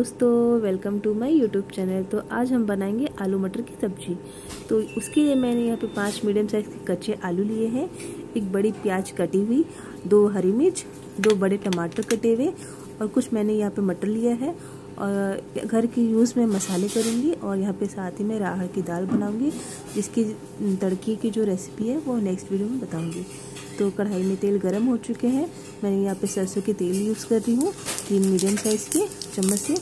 दोस्तों welcome to my YouTube channel तो आज हम बनाएंगे आलू मटर की सब्जी तो उसके लिए मैंने यहाँ पे पांच मीडियम साइज़ के कच्चे आलू लिए हैं एक बड़ी प्याज कटी हुई दो हरी मिर्च दो बड़े टमाटर कटे हुए और कुछ मैंने यहाँ पे मटर लिया है और घर के यूज़ में मसाले करूँगी और यहाँ पर साथ ही मैं राहर की दाल बनाऊँगी जिसकी तड़की की जो रेसिपी है वो नेक्स्ट वीडियो में बताऊँगी तो कढ़ाई में तेल गर्म हो चुके हैं मैंने यहाँ पे सरसों के तेल यूज़ कर रही हूँ तीन मीडियम साइज़ के चम्मच से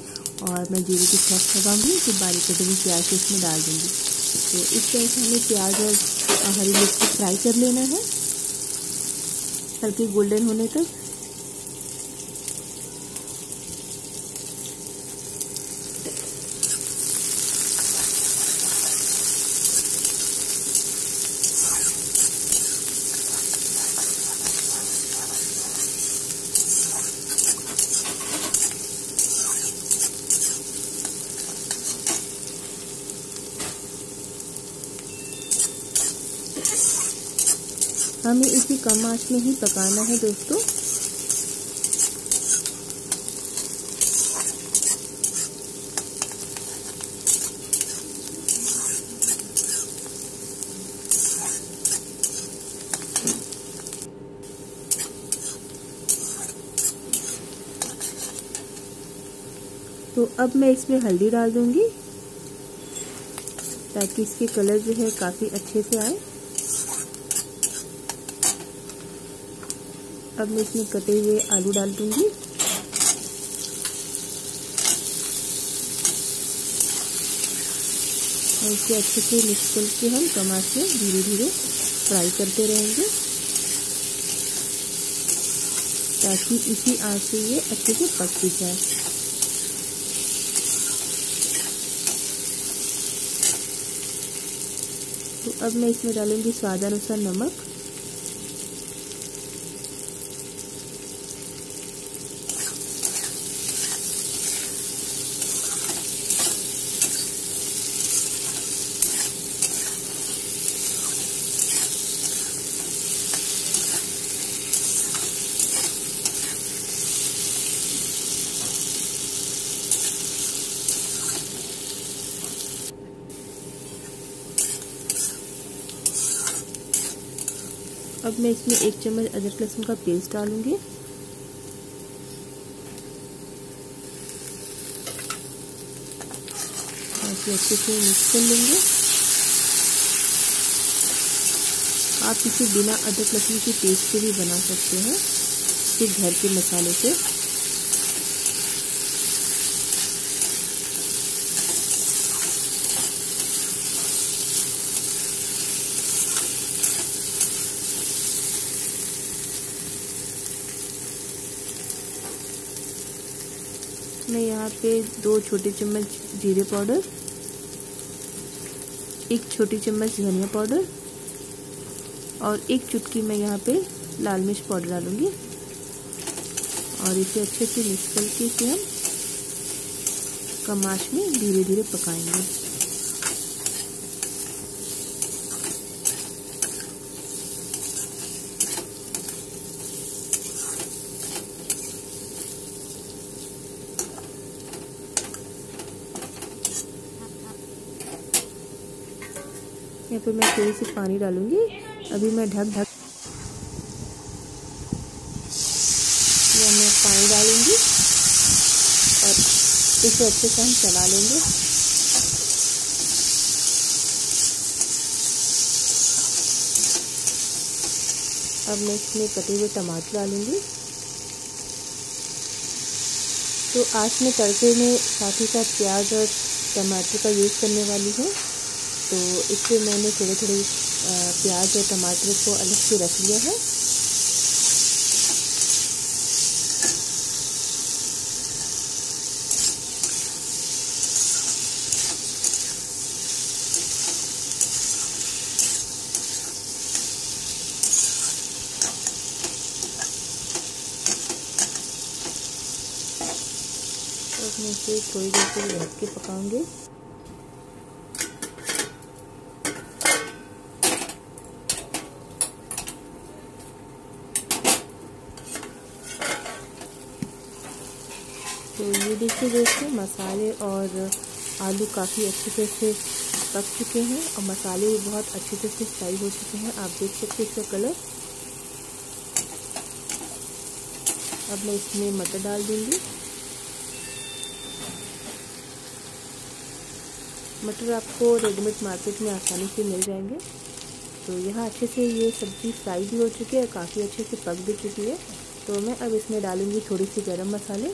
और मैं जीरे की सॉस लगाऊंगी फिर बारीक कटे हुए प्याज को इसमें डाल दूंगी तो इस तरह से हमें प्याज और हरी मिर्च को फ्राई कर लेना है हल्के गोल्डन होने तक हमें इसे कम आंच में ही पकाना है दोस्तों तो अब मैं इसमें हल्दी डाल दूंगी ताकि इसके कलर जो है काफ़ी अच्छे से आए अब मैं इसमें कटे हुए आलू डाल दूंगी और इसे अच्छे से मिक्स करके हम कमा से धीरे धीरे फ्राई करते रहेंगे ताकि इसी आँच से ये अच्छे से पक भी जाए तो अब मैं इसमें डालूंगी स्वादानुसार नमक अब मैं इसमें एक चम्मच अदरक लहसुन का पेस्ट डालूंगी और अच्छे से मिक्स कर लेंगे आप इसे बिना अदरक लहसुन के पेस्ट से भी बना सकते हैं सिर्फ घर के मसाले से मैं यहाँ पे दो छोटे चम्मच जीरे पाउडर एक छोटी चम्मच धनिया पाउडर और एक चुटकी मैं यहाँ पे लाल मिर्च पाउडर डालूँगी और इसे अच्छे से मिक्स करके इसे हम कमाश में धीरे धीरे पकाएंगे इसमें फिर तो मैं थोड़ी सी पानी डालूंगी अभी मैं ढक ढक या मैं पानी डालूंगी और इसे अच्छे से हम चला लेंगे अब मैं इसमें कटे हुए टमाटर डालूंगी तो आज मैं तड़के में साथ ही साथ प्याज और टमाटर का यूज़ करने वाली हूँ तो इसमें मैंने थोड़े थोड़े प्याज और टमाटर को अलग से रख लिया है मैं इसे थोड़ी देर के लिए ढक के पकाऊंगी तो ये देखिए दोस्तों मसाले और आलू काफ़ी अच्छे तरह से पक चुके हैं और मसाले भी बहुत अच्छे तरह से फ्राई हो चुके हैं आप देख सकते हैं इसका कलर अब मैं इसमें मटर डाल दूंगी मटर आपको रेडीमेड मार्केट में आसानी से मिल जाएंगे तो यहाँ अच्छे से ये सब्ज़ी फ्राई भी हो चुकी है काफ़ी अच्छे से पक भी चुकी है तो मैं अब इसमें डालूंगी थोड़ी सी गरम मसाले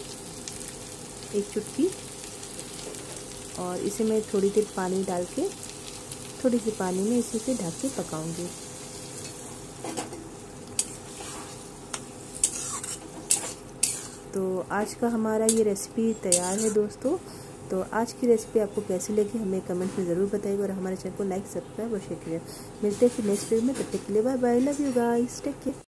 एक चुटकी और इसे मैं थोड़ी देर पानी डाल के थोड़ी सी पानी में इसे से ढक के पकाऊंगी तो आज का हमारा ये रेसिपी तैयार है दोस्तों तो आज की रेसिपी आपको कैसी लगी हमें कमेंट में ज़रूर बताइएगा और हमारे चैनल को लाइक सब्सक्राइब और शेयर करें मिलते हैं फिर नेक्स्ट वीडियो में तब तक के लिए bye bye love you guys take care